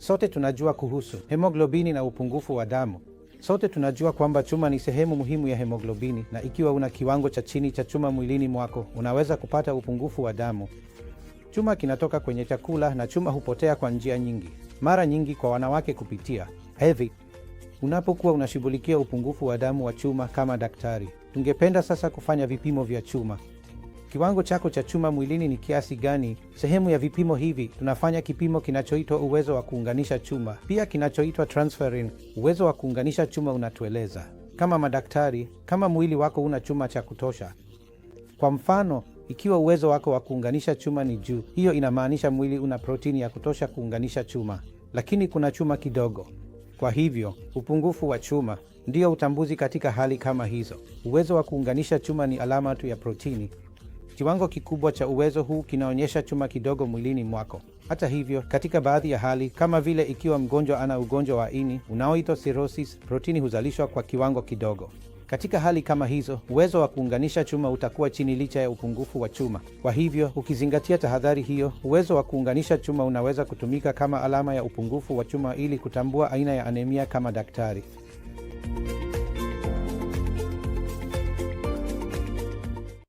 Sote tunajua kuhusu hemoglobini na upungufu wa damu. Sote tunajua kwamba chuma ni sehemu muhimu ya hemoglobini, na ikiwa una kiwango cha chini cha chuma mwilini mwako, unaweza kupata upungufu wa damu. Chuma kinatoka kwenye chakula na chuma hupotea kwa njia nyingi, mara nyingi kwa wanawake kupitia hedhi. Unapokuwa unashughulikia upungufu wa damu wa chuma kama daktari, tungependa sasa kufanya vipimo vya chuma. Kiwango chako cha chuma mwilini ni kiasi gani? Sehemu ya vipimo hivi tunafanya kipimo kinachoitwa uwezo wa kuunganisha chuma, pia kinachoitwa transferrin. Uwezo wa kuunganisha chuma unatueleza kama madaktari kama mwili wako una chuma cha kutosha. Kwa mfano, ikiwa uwezo wako wa kuunganisha chuma ni juu, hiyo inamaanisha mwili una protini ya kutosha kuunganisha chuma, lakini kuna chuma kidogo. Kwa hivyo upungufu wa chuma ndio utambuzi katika hali kama hizo. Uwezo wa kuunganisha chuma ni alama tu ya protini, Kiwango kikubwa cha uwezo huu kinaonyesha chuma kidogo mwilini mwako. Hata hivyo, katika baadhi ya hali kama vile ikiwa mgonjwa ana ugonjwa wa ini unaoitwa cirrhosis, protini huzalishwa kwa kiwango kidogo. Katika hali kama hizo, uwezo wa kuunganisha chuma utakuwa chini licha ya upungufu wa chuma. Kwa hivyo, ukizingatia tahadhari hiyo, uwezo wa kuunganisha chuma unaweza kutumika kama alama ya upungufu wa chuma ili kutambua aina ya anemia kama daktari.